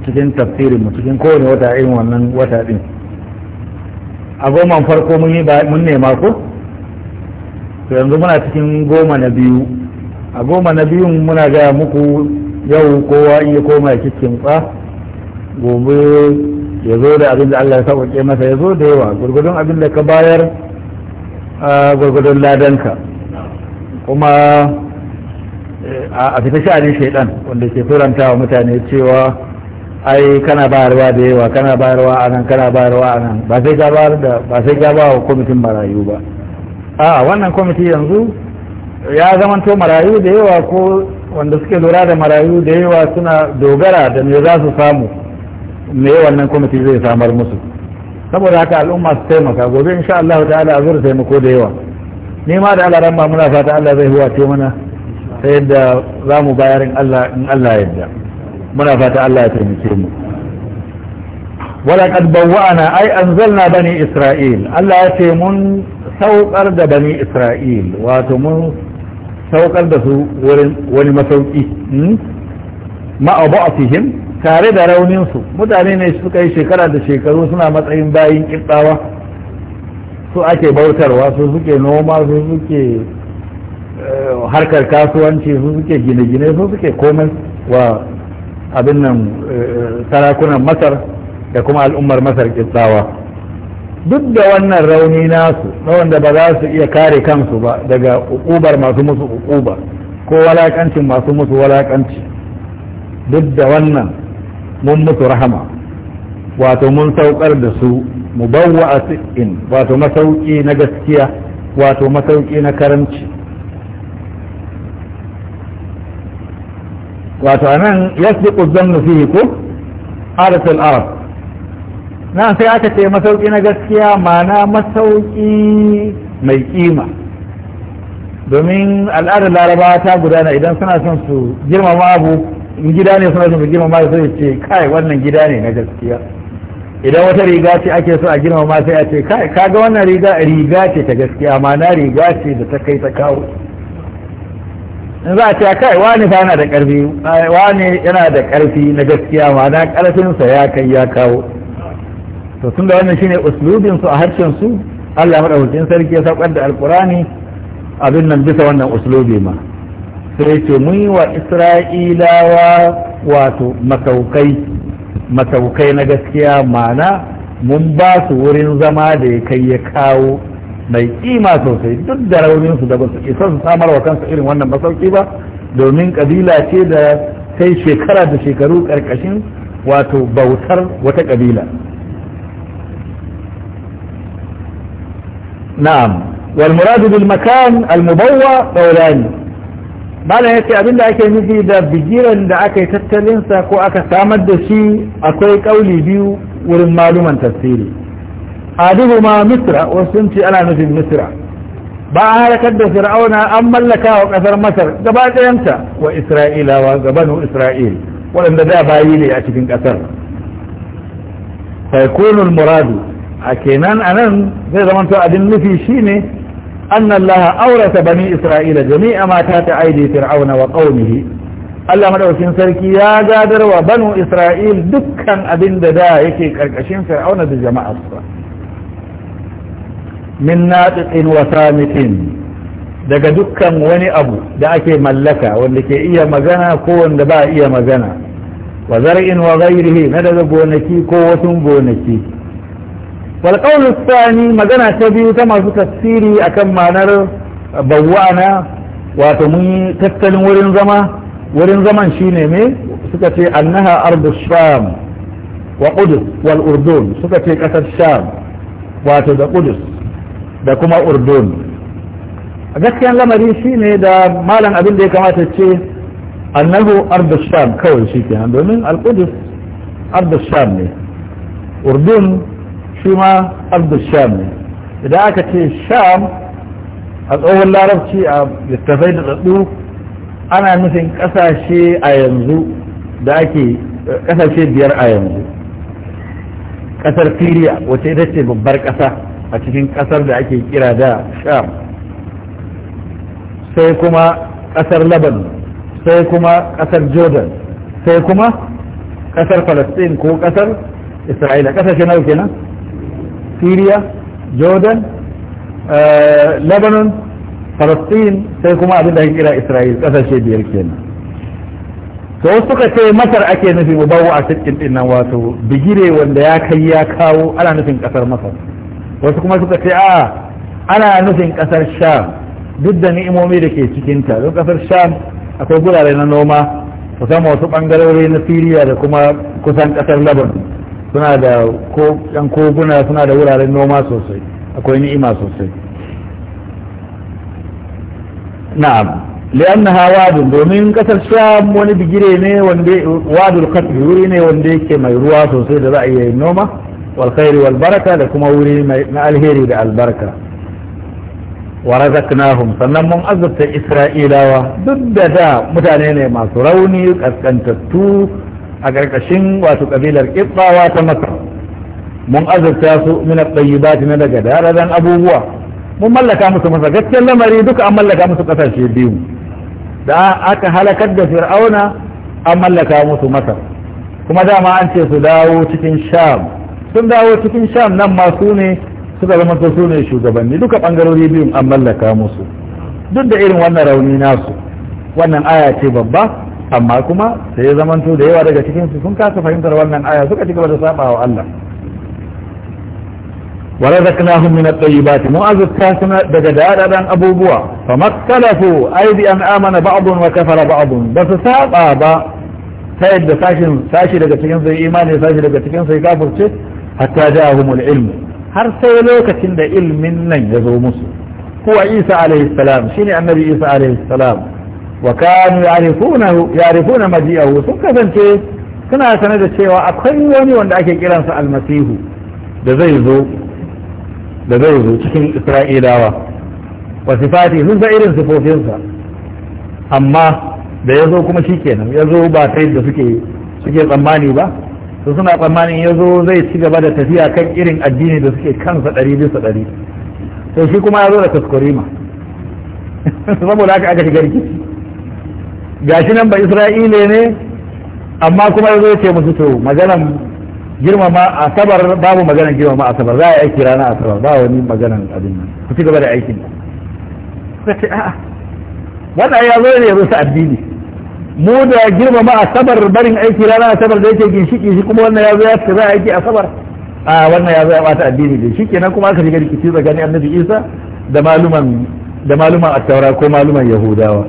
cikin tafsirin mu cikin kowane wata irin wannan wata din a goma farko mun yi ba mun nema ko to yanzu muna cikin goma na biyu a goma na biyun muna gaya muku yau kowa in ya koma ya cikin ba gobe ya zo da abin da Allah ya sauƙaƙe masa ya zo da yawa gurgudun abin da ka bayar a gurgudun ladanka kuma eh, a fita sha'anin shaidan wanda ke turanta wa mutane cewa ai kana bayarwa da yawa kana bayarwa a nan kana bayarwa a nan ba sai gabar da ba sai gaba wa kwamitin marayu ba a wannan kwamiti yanzu ya zamanto marayu da yawa ko wanda suke lura da marayu da yawa suna dogara da me za su samu me wannan kwamiti zai samar musu saboda haka al'umma su taimaka gobe insha Allah ta'ala a zura taimako da yawa ni ma da Allah ba muna fata Allah zai huwace mana ta yadda za mu bayar in Allah yadda muna fata Allah ya taimake mu ولقد bani Isra'il, Allah ya ce mun يتي da bani Isra'il wato mun. saukar da su wurin wani masauki hmm? ma'abu'afihim tare da rauninsu mutane ne suka yi shekara da shekaru suna matsayin bayin kibbawa su ake bautarwa su suke noma su suke eh, harkar kasuwanci su suke gine-gine su suke komai wa abin nan eh, sarakunan masar da kuma al'ummar masar kibbawa duk da wannan rauni nasu na wanda ba za su iya kare kansu ba daga ukubar masu musu ukuba ko walakancin masu musu walakanci duk da wannan mun musu rahama wato mun saukar da su mu bawa a in wato masauki na gaskiya wato masauki na karamci wato anan yasbiqu dhannu fihi ko adat al-arab na sai aka ce masauki na gaskiya mana masauki mai kima domin al'adar laraba ta gudana idan suna son su girmama abu in gida ne suna son su girmama sai ce kai wannan gida ne na gaskiya idan wata riga ce ake so a girmama sai a ce kai kaga wannan riga riga ce ta gaskiya mana riga ce da ta kai ta kawo in za a ce kai wani fa yana da karfi wani yana da karfi na gaskiya mana karfinsa ya kai ya kawo to tun da wannan shine uslubin su a harshen su Allah madaukakin sarki ya saukar da alqurani abin nan bisa wannan uslubi ma sai ce mun yi wa isra'ilawa wato makaukai na gaskiya mana mun ba su wurin zama da ya kai ya kawo mai kima sosai duk da raunin su da ba su isa su samar wa kansu irin wannan masauki ba domin kabila ce da kai shekara da shekaru karkashin wato bautar wata kabila na'am walmuradu muradu bil makan al mubawwa qawlan abinda ake nufi da bigiran da aka yi ko aka samar da shi akwai kauli biyu wurin maluman tafsiri ma misra wa sunti ana nufin misra ba a harakar da fir'auna an mallaka wa kasar masar gaba ɗayanta wa isra'ilawa gabanu isra'il waɗanda da bayi ne a cikin ƙasar faikunul muradu أكينان أنن زي زمان تؤذن في شيني أن الله أورث بني إسرائيل جميع ما تات عيدي فرعون وقومه الله مدعو سنسرك يا قادر وبنو إسرائيل دكا أبن دا يكي كركشين فرعون دي جماعة من ناطق وسامت دك دكا وني أبو دعك ملكا وانك إيا مغنى كون دبا إيا مغنى وزرع وغيره ندد بونكي قوة بونكي wal qawlu thani magana ta biyu ta masu tafsiri akan ma'anar bawwana wato mun tattalin wurin zama wurin zaman shine me suka ce annaha ardu sham wa qudus wal urdun suka ce kasar sham wato da qudus da kuma urdun a gaskiyan lamari shine da malam abin da ya kamata ce annahu ardu kawai shi domin al ne urdun shi ma abdusham ne idan aka ce sham a tsohon larabci a littafai da tsatsu ana nufin ƙasashe a yanzu da ake ƙasashe biyar a yanzu ƙasar syria wacce ita ce babbar ƙasa a cikin ƙasar da ake kira da sham sai kuma ƙasar laban sai kuma ƙasar jordan sai kuma ƙasar palestine ko ƙasar isra'ila ƙasashe nawa kenan syria jordan eh, lebanon palestine sai kuma abin da ake kira isra'il kasashe biyar kenan to suka ce masar ake nufi mu bawo a cikin din nan wato bigire wanda ya kai ya kawo ana nufin kasar masar wasu kuma suka ce a ana nufin kasar sham duk da ni'imomi da ke cikinta don kasar sham akwai gurare na noma musamman wasu bangarori na siriya da kuma kusan kasar lebanon suna da yan koguna suna da wuraren noma sosai akwai ni'ima sosai na'am li'annaha wadun domin kasar sham wani bigire ne wanda wadul qatl wuri ne wanda yake mai ruwa sosai da za a yi noma wal khairi wal baraka da kuma wuri na alheri da albarka wa razaqnahum sannan mun azabta isra'ilawa duk da da mutane ne masu rauni kaskantattu a ƙarƙashin wato ƙabilar ƙibbawa ta maka mun azurta su min at-tayyibat na daga dararan abubuwa mun mallaka musu masa gaskiyar lamari duka an mallaka musu ƙasashe biyu da aka halakar da fir'auna an mallaka musu masar kuma dama an ce su dawo cikin sham sun dawo cikin sham nan ma su ne suka zama su ne shugabanni duka bangarori biyun an mallaka musu duk da irin wannan rauni nasu wannan aya ce babba amma kuma sai ya zamanto da yawa daga cikinsu sun kasa fahimtar wannan aya suka ci gaba da saba wa Allah ورزقناهم من الطيبات معزز كاسنا دجدادا دان ابوبوا فما اختلفوا اي ان امن بعض وكفر بعض بس سابا با سيد ساشن ساشي daga cikin sai imani sashi daga cikin sai kafirce hatta ja'ahum al-ilm har sai lokacin da ilmin nan ya zo musu kuwa Isa alaihi salam shine annabi Isa alaihi salam wa kanu ya'rifunahu ya'rifuna maji'ahu sun kasance suna sanar da cewa akwai wani wanda ake kiransa almasihu da zai zo da zai zo cikin isra'ilawa wa sifati sun sa irin sifofinsa amma da ya zo kuma shikenan ya zo ba ta yadda suke suke tsammani ba su suna tsammanin ya zo zai ci gaba da tafiya kan irin addini da suke kansa ɗari bisa ɗari to shi kuma ya zo da kaskurima saboda haka aka shiga rikici gashi nan ba Isra'ila ne amma kuma ya zo ce musu to maganan girmama asabar babu maganan girmama asabar za a aiki rana asabar ba wani maganan abin nan ku ci gaba da aikin ce a'a wannan ya zo ne ya rusa addini mu da girmama asabar barin aiki rana asabar da yake gishi shi kuma wannan ya zo ya ce za a aiki asabar a wannan ya zo ya bata addini ne shi kenan kuma aka shiga rikici tsakanin annabi isa da maluman da maluman attaura ko maluman yahudawa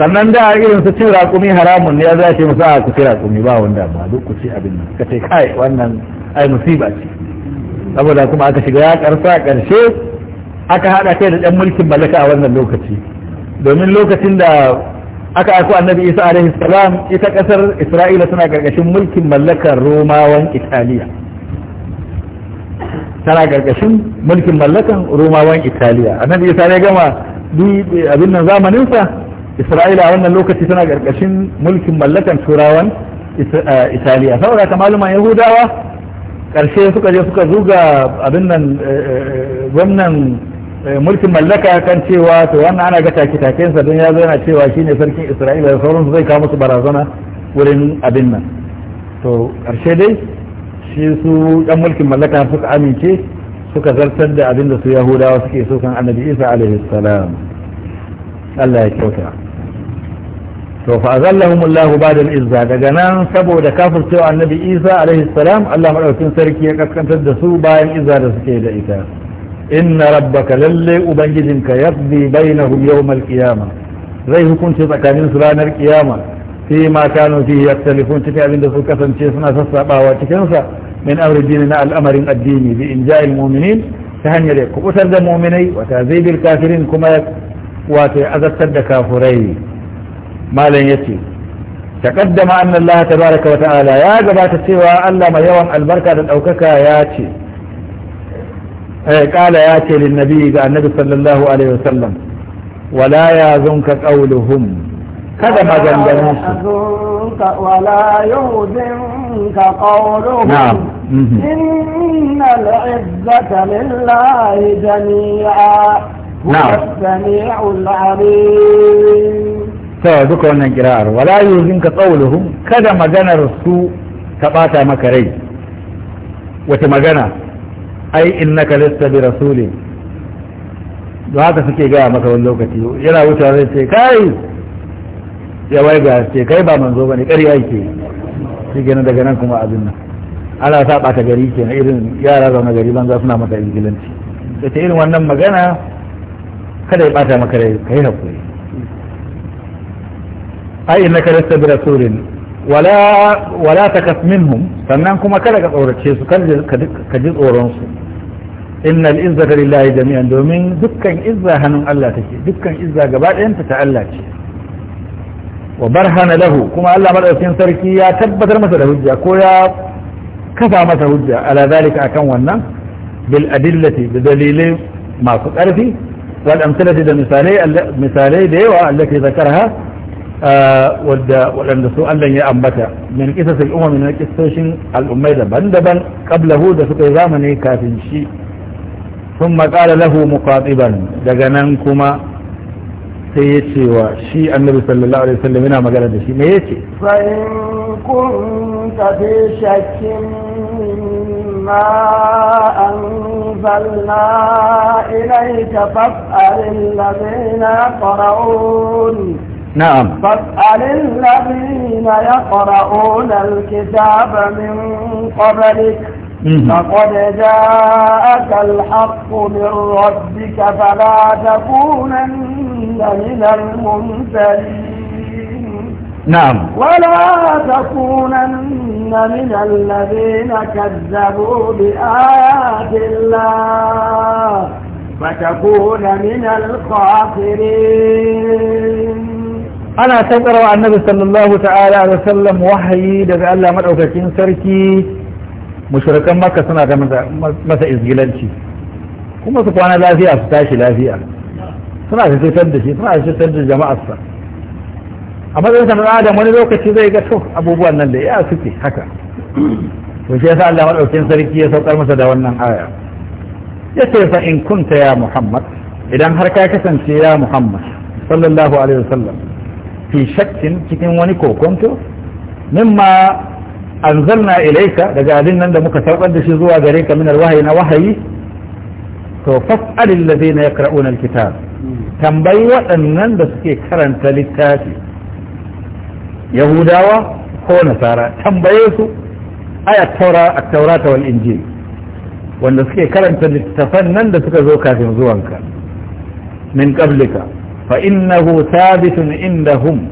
sannan da irin su cin raƙumi haramun ne ya za ce musa a ku ci raƙumi ba wanda ba duk ku ci abin nan ka ce kai wannan ai musiba ce saboda kuma aka shiga ya karsa karshe aka haɗa kai da ɗan mulkin mallaka a wannan lokaci domin lokacin da aka aiko annabi isa alaihi salam ita ƙasar isra'ila suna ƙarƙashin mulkin mallakar romawan italiya tana ƙarƙashin mulkin mallakan romawan italiya annabi isa ya gama abin nan zamaninsa isra'ila a wannan lokaci tana karkashin mulkin mallakan turawan eh, italiya saboda ta maluman yahudawa karshe suka je suka zuga abin nan eh, eh, gwamnan mulkin mallaka kan cewa to wannan ana ga take takensa don ya zana cewa shine sarkin isra'ila da sauransu zai kawo musu barazana wurin abin nan to ƙarshe dai shi su yan mulkin mallaka suka amince suka zartar da abin da su yahudawa suke so kan annabi isa alaihi salam Allah ya kyauta to fa azallahum Allah ba'da na izza daga nan saboda kafircewa annabi Isa alaihi salam Allah madaukakin sarki ya kaskantar da su bayan izza da suke da ita inna rabbaka lalle ubangijinka yaqdi bainahum yawm al zai hukunci tsakanin su ranar kiyama fi ma kanu fi yaktalifun cikin abin da su kasance suna sassabawa cikin sa min amri na al'amarin addini bi inja'il mu'minin ta hanyar ya kubutar da mu'minai wa tazibil kafirin kuma wato azabtar da kafurai malam yace taqaddama anna Allah tabaraka wa ta'ala ya gabata cewa Allah mai yawan albarka da daukaka ya ce eh kala ya ce lin nabi ga annabi sallallahu alaihi wasallam wala ya zunka qawluhum kada maganganun su wala yuzinka qawluhum na'am إن mhm. العزة lillahi jami'a هو السميع العليم saboda duka wannan kira'ar wala ka qawluhum kada maganar su ta bata maka rai wata magana ai innaka lasta bi rasuli, da haka suke gaya maka wani lokaci yana wucewa zai ce kai ya wai ga ce kai ba manzo bane ƙarya yake shi gina daga nan kuma abin nan ana sa ɓata gari kenan irin yara zaune gari banza suna mata ingilanci da ta irin wannan magana kada ya ɓata maka rai kai hakuri ai innaka lasta bi rasulin wala wala takas minhum sannan kuma kada ka tsorace su kada ka ji tsoron su innal izzata lillahi jami'an domin dukkan izza hannun Allah take dukkan izza gaba ɗayanta ta Allah ce wa barhana lahu kuma Allah madaukakin sarki ya tabbatar masa da hujja ko ya kafa masa hujja ala dalika akan wannan bil adillati da dalilai masu ƙarfi wal amsalati da misalai da yawa allati zakaraha wadda waɗanda su Allah ya ambata min kisa sai umma min kisoshin al'ummai daban-daban qablahu da suka yi zamani kafin shi sun maƙala lahu muqatiban daga nan kuma sai ya ce wa shi annabi sallallahu alaihi wasallam yana magana da shi me yace fa in kunta fi shakkin ما أنزلنا إليك فاسأل الذين يقرؤون نعم فاسأل الذين يقرؤون الكتاب من قبلك فقد جاءك الحق من ربك فلا تكونن من الممتلين نعم ولا تكونن من الذين كذبوا بآيات الله فتكون من الخاسرين ana tantarwa annabi sallallahu ta'ala alaihi wasallam wahayi daga Allah madaukakin sarki mushrikan makka suna ga masa izgilanci kuma su kwana lafiya su tashi lafiya suna da cutar da shi suna da cutar da jama'arsa a matsayin sanar adam wani lokaci zai ga to abubuwan nan da ya suke haka to shi yasa Allah madaukakin sarki ya saukar masa da wannan aya yace fa in kunta ya muhammad idan har ka kasance ya muhammad sallallahu alaihi wasallam fi shakkin cikin wani kokonto mimma anzalna ilaika daga abin nan da muka saukar da shi zuwa gare ka minar wahayi na wahayi to fas'alil ladina yaqra'una alkitab tambayi waɗannan da suke karanta littafi yahudawa ko nasara tambaye su aya taura at-taurata wal injil wanda suke karanta littafan nan da suka zo kafin zuwanka min qablika fa innahu thabitun indahum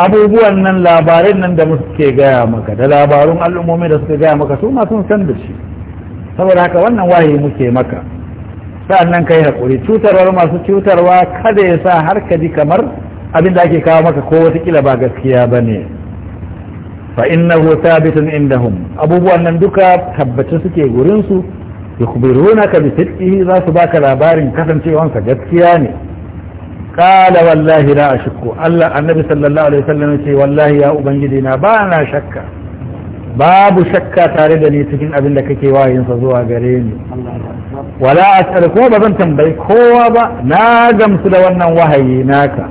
abubuwan nan labarin nan da muke gaya maka da labarun al'ummomi da suka gaya maka su ma sun san da shi saboda haka wannan wahayi muke maka sa'annan kai hakuri cutarwar masu cutarwa kada ya sa har ka ji kamar abin da ake kawo maka ko wata kila ba gaskiya ba ne fa innahu thabitun indahum abubuwan nan duka tabbace suke gurin su yukhbirunaka bi sidqihi za su baka labarin kasancewansa gaskiya ne kala wallahi la ashku Allah annabi sallallahu alaihi wasallam ce wallahi ya ubangiji na ba na shakka babu shakka tare da ni cikin abin da kake wayinsa zuwa gare ni wala as'al ko ba zan tambayi kowa ba na gamsu da wannan wahayi naka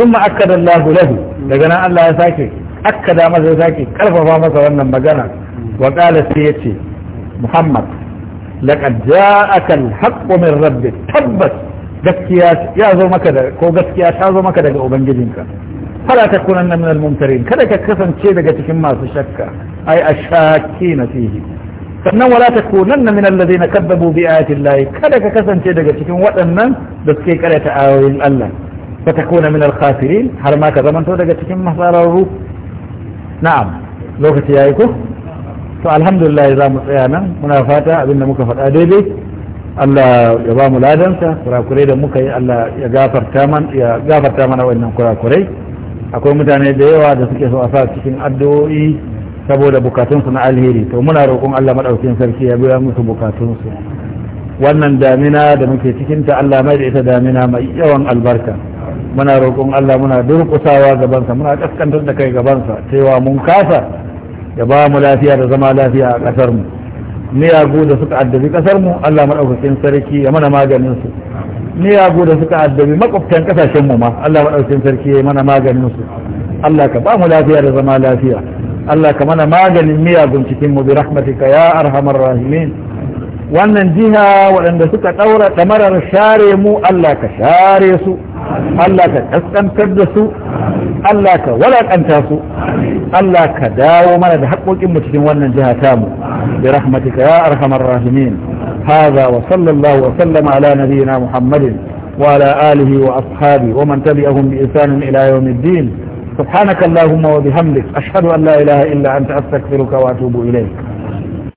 thumma akkada Allah lahu daga nan Allah ya sake akkada masa ya sake karfafa masa wannan magana wa qala sai yace Muhammad laqad ja'aka al-haqqu min rabbik tabbas gaskiya ya zo maka da ko gaskiya ta zo maka daga ubangijinka fala takunanna min al-mumtarin kada ka kasance daga cikin masu shakka ai ashakina fihi sannan wala takunanna min alladhina kadzabu bi ayati llahi kada ka kasance daga cikin waɗannan da suke karanta ayoyin Allah fa takuna min al-khasirin har ma ka zamanto daga cikin masararru na'am lokaci yayi ko to alhamdulillah za mu tsaya nan muna fata abinda muka faɗa daidai Allah ya ba mu ladansa kurakurai da muka yi Allah ya gafarta man ya gafarta mana wannan kurakurai akwai mutane da yawa da suke so a sa cikin addu'o'i saboda bukatunsu na alheri to muna roƙon Allah madaukakin sarki ya biya musu bukatunsu wannan damina da muke cikin ta Allah mai da ita damina mai yawan albarka muna roƙon Allah muna durƙusawa gabansa muna kaskantar da kai gabansa cewa mun kasa ya ba mu lafiya da zama lafiya a ƙasar mu miyagu da suka addabi kasar mu Allah madaukakin sarki ya mana maganin su miyagu da suka addabi makwabtan kasashen mu ma Allah madaukakin sarki ya mana maganin su Allah ka ba mu lafiya da zama lafiya Allah ka mana maganin miyagun cikin mu bi rahmatika ya arhamar rahimin wannan jiha waɗanda suka ɗaura ɗamarar share mu Allah ka share su Allah ka ƙasƙantar da su Allah ka walaƙanta su Allah ka dawo mana da haƙoƙinmu cikin wannan jiha tamu bi rahmatika ya arhamar rahimin hadha wa sallallahu wa sallama ala nabiyyina muhammadin wa ala alihi wa ashabi wa man tabi'ahum bi ihsan ila yawm الدين سبحانك اللهم وبحمدك أشهد أن لا إله إلا أنت أستغفرك وأتوب إليك